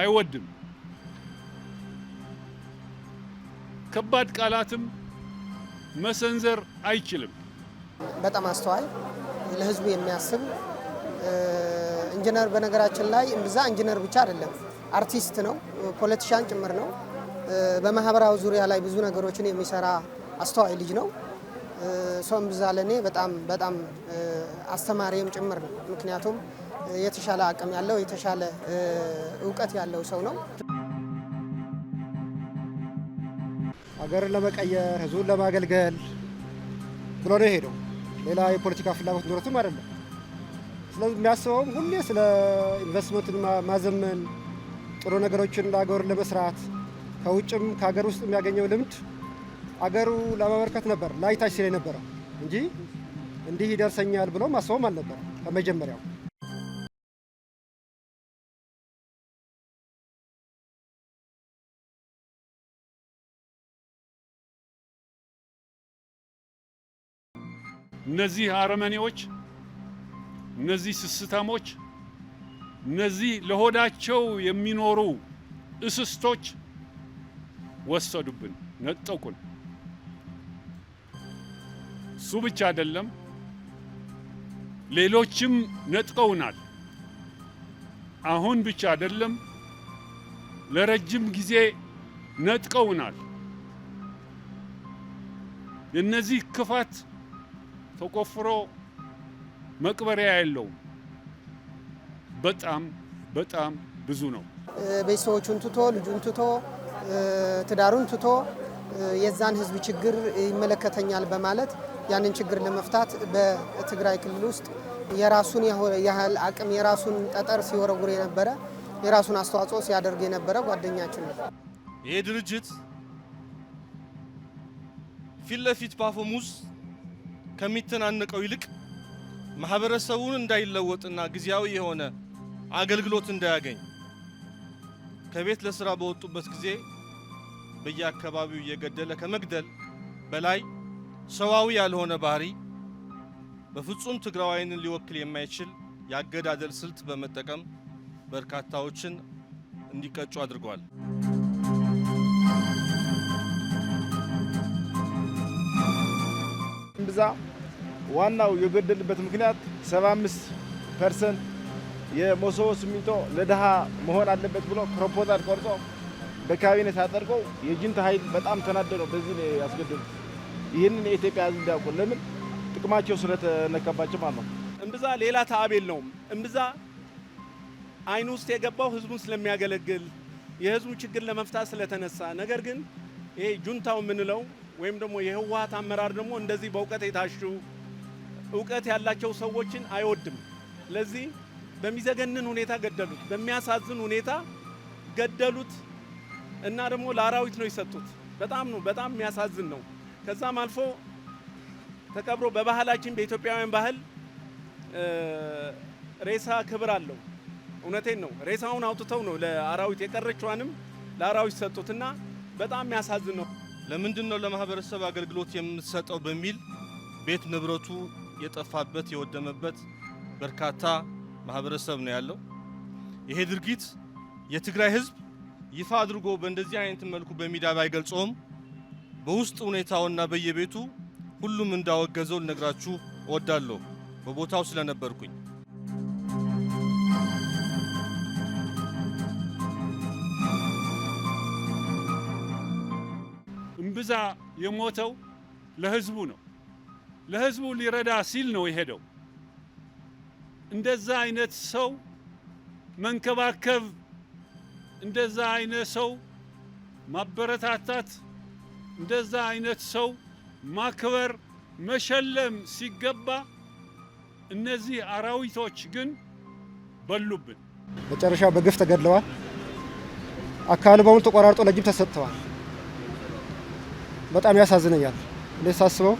አይወድም። ከባድ ቃላትም መሰንዘር አይችልም። በጣም አስተዋይ፣ ለህዝቡ የሚያስብ ኢንጂነር። በነገራችን ላይ እምብዛ ኢንጂነር ብቻ አይደለም፣ አርቲስት ነው፣ ፖለቲሻን ጭምር ነው። በማህበራዊ ዙሪያ ላይ ብዙ ነገሮችን የሚሰራ አስተዋይ ልጅ ነው። ሰው እምብዛ ለእኔ በጣም በጣም አስተማሪም ጭምር ነው። ምክንያቱም የተሻለ አቅም ያለው የተሻለ እውቀት ያለው ሰው ነው። ሀገርን ለመቀየር ህዝቡን ለማገልገል ብሎ ነው የሄደው። ሌላ የፖለቲካ ፍላጎት ኖረትም አይደለም። ስለዚህ የሚያስበውም ሁሌ ስለ ኢንቨስትመንትን ማዘመን፣ ጥሩ ነገሮችን ለሀገሩን ለመስራት ከውጭም ከሀገር ውስጥ የሚያገኘው ልምድ አገሩ ለማበርከት ነበር ላይታች ሲል ነበረው እንጂ እንዲህ ይደርሰኛል ብሎ ማስበውም አልነበረ ከመጀመሪያው። እነዚህ አረመኔዎች፣ እነዚህ ስስታሞች፣ እነዚህ ለሆዳቸው የሚኖሩ እስስቶች ወሰዱብን፣ ነጠቁን። እሱ ብቻ አይደለም፣ ሌሎችም ነጥቀውናል። አሁን ብቻ አይደለም፣ ለረጅም ጊዜ ነጥቀውናል። የእነዚህ ክፋት ተቆፍሮ መቅበሪያ የለውም። በጣም በጣም ብዙ ነው። ቤተሰቦቹን ትቶ ልጁን ትቶ ትዳሩን ትቶ የዛን ህዝብ ችግር ይመለከተኛል በማለት ያንን ችግር ለመፍታት በትግራይ ክልል ውስጥ የራሱን ያህል አቅም የራሱን ጠጠር ሲወረውር የነበረ የራሱን አስተዋጽኦ ሲያደርግ የነበረ ጓደኛችን ነው። ይሄ ድርጅት ፊት ለፊት ከሚተናነቀው ይልቅ ማህበረሰቡን እንዳይለወጥና ጊዜያዊ የሆነ አገልግሎት እንዳያገኝ ከቤት ለስራ በወጡበት ጊዜ በየአካባቢው እየገደለ ከመግደል በላይ ሰዋዊ ያልሆነ ባህሪ በፍጹም ትግራዋይንን ሊወክል የማይችል የአገዳደል ስልት በመጠቀም በርካታዎችን እንዲቀጩ አድርጓል። ከዛ ዋናው የጎደልበት ምክንያት 75 ፐርሰንት የመሰቦ ሲሚንቶ ለድሃ መሆን አለበት ብሎ ፕሮፖዛል ቆርጦ በካቢኔት አጠርቆ የጁንታ ኃይል በጣም ተናደ ነው በዚህ ያስገደሉት። ይህንን የኢትዮጵያ ሕዝብ እንዲያውቁ ለምን ጥቅማቸው ስለተነካባቸው ማለት ነው። እምብዛ ሌላ ተአቤል ነው። እምብዛ አይን ውስጥ የገባው ህዝቡን ስለሚያገለግል የህዝቡ ችግር ለመፍታት ስለተነሳ ነገር ግን ይሄ ጁንታው የምንለው ወይም ደግሞ የህወሀት አመራር ደግሞ እንደዚህ በእውቀት የታሹ እውቀት ያላቸው ሰዎችን አይወድም። ስለዚህ በሚዘገንን ሁኔታ ገደሉት፣ በሚያሳዝን ሁኔታ ገደሉት እና ደግሞ ለአራዊት ነው የሰጡት። በጣም ነው በጣም የሚያሳዝን ነው። ከዛም አልፎ ተቀብሮ በባህላችን በኢትዮጵያውያን ባህል ሬሳ ክብር አለው። እውነቴን ነው። ሬሳውን አውጥተው ነው ለአራዊት የቀረችዋንም ለአራዊት ሰጡትና በጣም የሚያሳዝን ነው። ለምንድን ነው ለማህበረሰብ አገልግሎት የምትሰጠው በሚል ቤት ንብረቱ የጠፋበት የወደመበት በርካታ ማህበረሰብ ነው ያለው። ይሄ ድርጊት የትግራይ ህዝብ ይፋ አድርጎ በእንደዚህ አይነት መልኩ በሚዲያ ባይገልጸውም። በውስጥ ሁኔታውና በየቤቱ ሁሉም እንዳወገዘው ልነግራችሁ እወዳለሁ፣ በቦታው ስለነበርኩኝ። እምብዛ የሞተው ለህዝቡ ነው። ለህዝቡ ሊረዳ ሲል ነው የሄደው። እንደዛ አይነት ሰው መንከባከብ፣ እንደዛ አይነት ሰው ማበረታታት፣ እንደዛ አይነት ሰው ማክበር፣ መሸለም ሲገባ እነዚህ አራዊቶች ግን በሉብን። መጨረሻ በግፍ ተገድለዋል። አካሉ በሙሉ ተቆራርጦ ለጅብ ተሰጥተዋል። በጣም ያሳዝነኛል እንዴት ሳስበው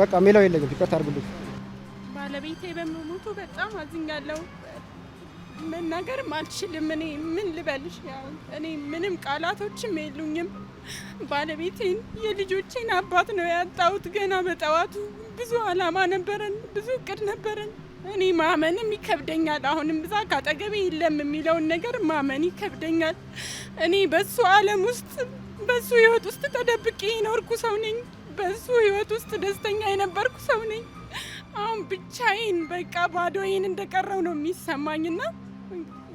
በቃ ሜላው የለኝም። ይቅርታ አድርጉልኝ። ባለቤቴ በመሞቱ በጣም አዝኛለሁ። መናገርም አልችልም። እኔ ምን ልበልሽ? እኔ ምንም ቃላቶችም የሉኝም። ባለቤቴን የልጆቼን አባት ነው ያጣሁት ገና በጠዋቱ። ብዙ አላማ ነበረን፣ ብዙ እቅድ ነበረን። እኔ ማመንም ይከብደኛል። አሁንም ብዛ ካጠገቤ የለም የሚለውን ነገር ማመን ይከብደኛል። እኔ በሱ ዓለም ውስጥ በሱ ህይወት ውስጥ ተደብቄ የኖርኩ ሰው ነኝ። በሱ ህይወት ውስጥ ደስተኛ የነበርኩ ሰው ነኝ። አሁን ብቻዬን በቃ ባዶዬን እንደቀረው ነው የሚሰማኝና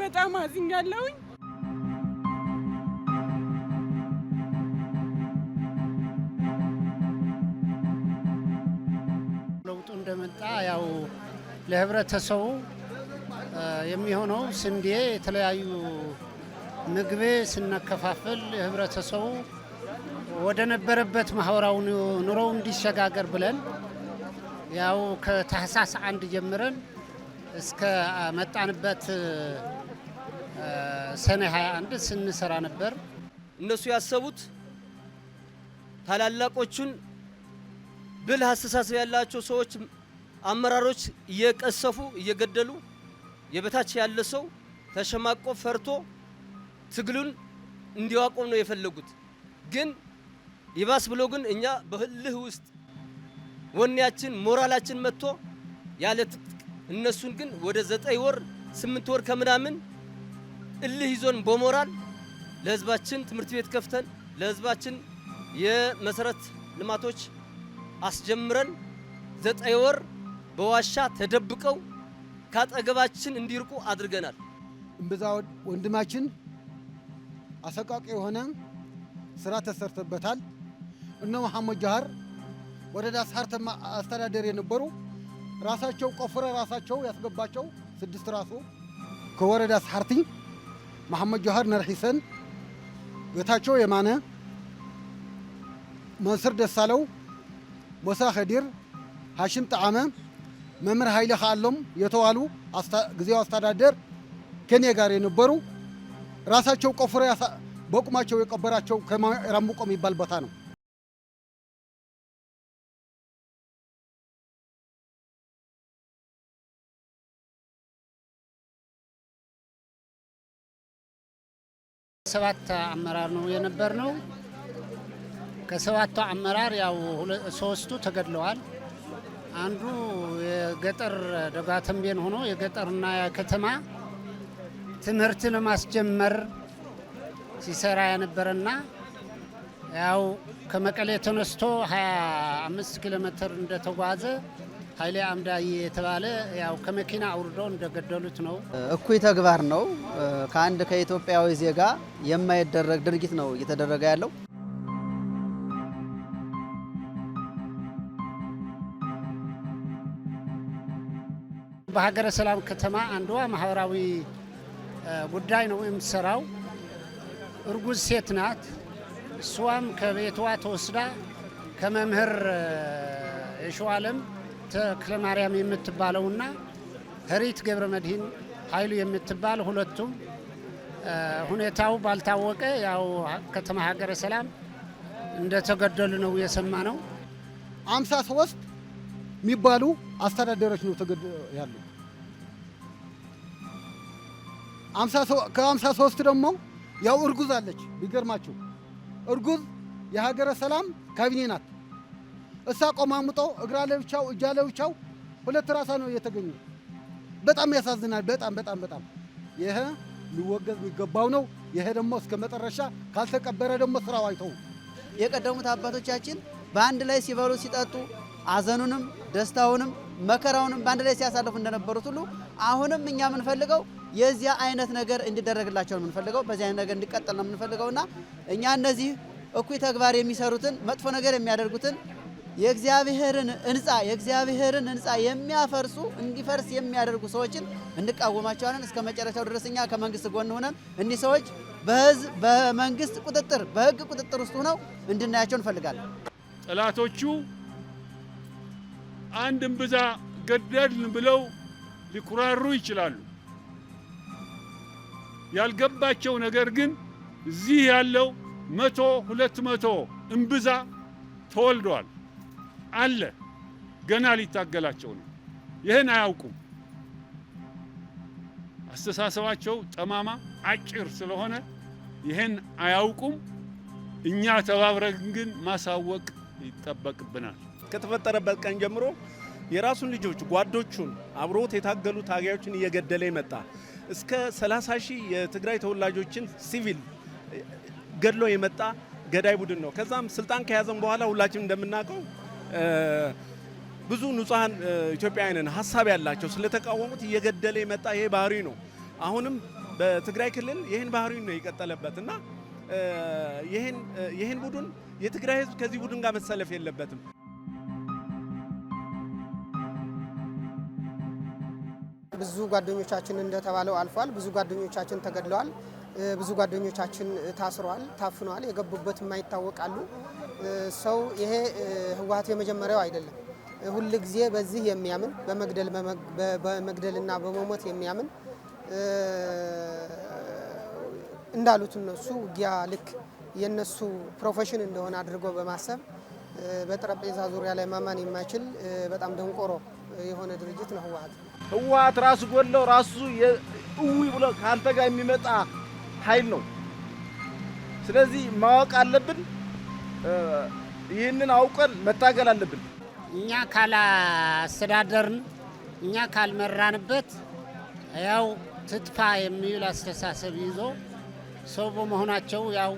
በጣም አዝኛለሁኝ። ለውጡ እንደመጣ ያው ለህብረተሰቡ የሚሆነው ስንዴ የተለያዩ ምግብ ስናከፋፍል ህብረተሰቡ ወደ ነበረበት ማህበራዊ ኑሮው እንዲሸጋገር ብለን ያው ከታህሳስ አንድ ጀምረን እስከ መጣንበት ሰኔ 21 ስንሰራ ነበር። እነሱ ያሰቡት ታላላቆቹን ብልህ አስተሳሰብ ያላቸው ሰዎች አመራሮች እየቀሰፉ እየገደሉ የበታች ያለ ሰው ተሸማቆ ፈርቶ ትግሉን እንዲዋቆም ነው የፈለጉት። ግን ይባስ ብሎ ግን እኛ በህልህ ውስጥ ወኔያችን ሞራላችን መጥቶ ያለ ትጥቅ እነሱን ግን ወደ ዘጠኝ ወር ስምንት ወር ከምናምን እልህ ይዞን በሞራል ለህዝባችን ትምህርት ቤት ከፍተን ለህዝባችን የመሰረት ልማቶች አስጀምረን ዘጠኝ ወር በዋሻ ተደብቀው ካጠገባችን እንዲርቁ አድርገናል። እምብዛ ወንድማችን አሰቃቂ የሆነ ስራ ተሰርተበታል። እነ መሐመድ ጃሃር ወረዳ ሳርተማ አስተዳደር የነበሩ ራሳቸው ቆፍረ ራሳቸው ያስገባቸው ስድስት ራሱ ከወረዳ ሳርቲ መሐመድ ጃሃር ነርሒሰን፣ ጌታቸው የማነ፣ መንስር ደሳለው፣ ሞሳ ኸዲር፣ ሃሽም ጣዓመ መምህር ኃይለ ሀሎም የተዋሉ ጊዜው አስተዳደር ከኔ ጋር የነበሩ ራሳቸው ቆፍረ በቁማቸው የቀበራቸው ከራሙቆ የሚባል ቦታ ነው። ሰባት አመራር ነው የነበር ነው። ከሰባቱ አመራር ያው ሶስቱ ተገድለዋል። አንዱ የገጠር ደጓተምቤን ሆኖ የገጠርና ከተማ ትምህርት ለማስጀመር ሲሰራ የነበረና ያው ከመቀሌ ተነስቶ 25 ኪሎ ሜትር እንደተጓዘ ኃይሌ አምዳዬ የተባለ ያው ከመኪና አውርዶ እንደገደሉት ነው። እኩይ ተግባር ነው። ከአንድ ከኢትዮጵያዊ ዜጋ የማይደረግ ድርጊት ነው እየተደረገ ያለው። በሀገረ ሰላም ከተማ አንዷ ማህበራዊ ጉዳይ ነው የምትሰራው። እርጉዝ ሴት ናት። እሷም ከቤቷ ተወስዳ ከመምህር የሸዋለም ተክለ ማርያም የምትባለውና ህሪት ገብረ መድህን ኃይሉ የምትባል ሁለቱም ሁኔታው ባልታወቀ ያው ከተማ ሀገረ ሰላም እንደተገደሉ ነው የሰማ ነው። አምሳ ሶስት የሚባሉ አስተዳደሮች ነው ያሉ ከአምሳ ሶስት ደግሞ ያው እርጉዝ አለች። ቢገርማችሁ እርጉዝ የሀገረ ሰላም ካቢኔ ናት። እሳ ቆማሙጦ እግራ ለብቻው እጃ ለብቻው ሁለት ራሳ ነው እየተገኘ። በጣም ያሳዝናል። በጣም በጣም በጣም ይሄ ሊወገዝ የሚገባው ነው። ይሄ ደግሞ እስከ መጨረሻ ካልተቀበረ ደግሞ ስራው አይተው። የቀደሙት አባቶቻችን በአንድ ላይ ሲበሉ ሲጠጡ አዘኑንም ደስታውንም መከራውንም በአንድ ላይ ሲያሳልፉ እንደነበሩት ሁሉ አሁንም እኛ የምንፈልገው የዚያ አይነት ነገር እንዲደረግላቸው ነው የምንፈልገው። በዚህ አይነት ነገር እንዲቀጠል ነው የምንፈልገው እና እኛ እነዚህ እኩይ ተግባር የሚሰሩትን መጥፎ ነገር የሚያደርጉትን የእግዚአብሔርን ሕንጻ የእግዚአብሔርን ሕንጻ የሚያፈርሱ እንዲፈርስ የሚያደርጉ ሰዎችን እንቃወማቸዋለን። እስከ መጨረሻው ድረስ እኛ ከመንግስት ጎን ሆነን እኒህ ሰዎች በህዝብ በመንግስት ቁጥጥር በህግ ቁጥጥር ውስጥ ሆነው እንድናያቸው እንፈልጋለን። ጠላቶቹ አንድ እምብዛ ገደልን ብለው ሊኩራሩ ይችላሉ። ያልገባቸው ነገር ግን እዚህ ያለው መቶ ሁለት መቶ እምብዛ ተወልዷል አለ። ገና ሊታገላቸው ነው። ይህን አያውቁም። አስተሳሰባቸው ጠማማ አጭር ስለሆነ ይህን አያውቁም። እኛ ተባብረን ግን ማሳወቅ ይጠበቅብናል። ከተፈጠረበት ቀን ጀምሮ የራሱን ልጆች ጓዶቹን አብሮት የታገሉ ታጋዮችን እየገደለ ይመጣ እስከ 30 ሺህ የትግራይ ተወላጆችን ሲቪል ገድሎ የመጣ ገዳይ ቡድን ነው። ከዛም ስልጣን ከያዘም በኋላ ሁላችን እንደምናውቀው ብዙ ንጹሐን ኢትዮጵያውያንን ሀሳብ ያላቸው ስለተቃወሙት እየገደለ የመጣ ይሄ ባህሪ ነው። አሁንም በትግራይ ክልል ይህን ባህሪ ነው የቀጠለበት እና ይህን ቡድን የትግራይ ህዝብ ከዚህ ቡድን ጋር መሰለፍ የለበትም። ብዙ ጓደኞቻችን እንደተባለው አልፏል። ብዙ ጓደኞቻችን ተገድለዋል። ብዙ ጓደኞቻችን ታስረዋል፣ ታፍነዋል፣ የገቡበት የማይታወቃሉ። ሰው ይሄ ህወሀት የመጀመሪያው አይደለም። ሁል ጊዜ በዚህ የሚያምን በመግደል በመግደልና በመሞት የሚያምን እንዳሉት እነሱ ውጊያ ልክ የነሱ ፕሮፌሽን እንደሆነ አድርጎ በማሰብ በጠረጴዛ ዙሪያ ላይ ማማን የማይችል በጣም ደንቆሮ የሆነ ድርጅት ነው ህወሀት። ህወሀት ራሱ ጎለው ራሱ እዊ ብሎ ከአንተ ጋር የሚመጣ ኃይል ነው። ስለዚህ ማወቅ አለብን። ይህንን አውቀን መታገል አለብን። እኛ ካላስተዳደርን፣ እኛ ካልመራንበት ያው ትጥፋ የሚል አስተሳሰብ ይዞ ሰው በመሆናቸው ያው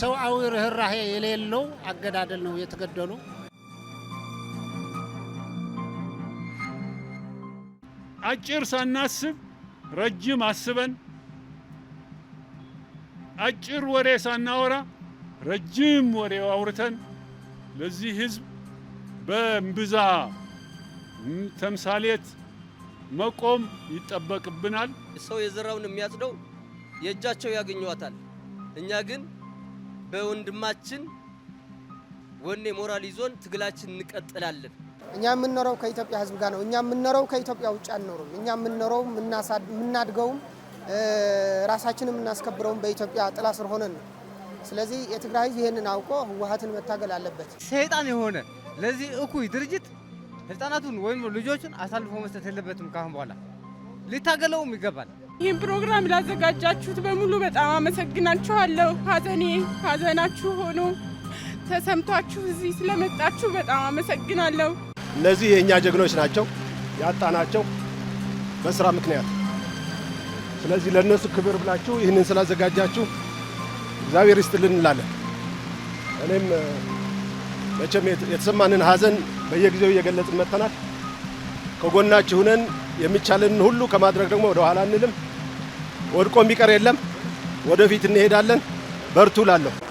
ሰው አዊ ርኅራሄ የሌለው አገዳደል ነው የተገደሉ አጭር ሳናስብ ረጅም አስበን አጭር ወሬ ሳናወራ ረጅም ወሬ አውርተን ለዚህ ህዝብ በእምብዛ ተምሳሌት መቆም ይጠበቅብናል። ሰው የዘራውን የሚያጭደው የእጃቸው ያገኘዋታል። እኛ ግን በወንድማችን ወኔ ሞራል ይዞን ትግላችን እንቀጥላለን። እኛ የምንኖረው ከኢትዮጵያ ህዝብ ጋር ነው። እኛ የምንኖረው ከኢትዮጵያ ውጭ አንኖርም። እኛ የምንኖረው የምናድገውም ራሳችን የምናስከብረውም በኢትዮጵያ ጥላ ስር ሆነን ነው። ስለዚህ የትግራይ ህዝብ ይህንን አውቆ ህወሀትን መታገል አለበት። ሰይጣን የሆነ ለዚህ እኩይ ድርጅት ህፃናቱን ወይም ልጆችን አሳልፎ መስጠት የለበትም። ካሁን በኋላ ሊታገለውም ይገባል። ይህን ፕሮግራም ላዘጋጃችሁት በሙሉ በጣም አመሰግናችኋለሁ። ሀዘኔ ሀዘናችሁ ሆኖ ተሰምቷችሁ እዚህ ስለመጣችሁ በጣም አመሰግናለሁ። እነዚህ የእኛ ጀግኖች ናቸው ያጣናቸው በስራ ምክንያት። ስለዚህ ለእነሱ ክብር ብላችሁ ይህንን ስላዘጋጃችሁ እግዚአብሔር ይስጥልን እንላለን። እኔም መቼም የተሰማንን ሀዘን በየጊዜው እየገለጽን መጥተናል። ከጎናችሁ ሁነን የሚቻለንን ሁሉ ከማድረግ ደግሞ ወደ ኋላ አንልም። ወድቆ የሚቀር የለም። ወደፊት እንሄዳለን። በርቱ ላለሁ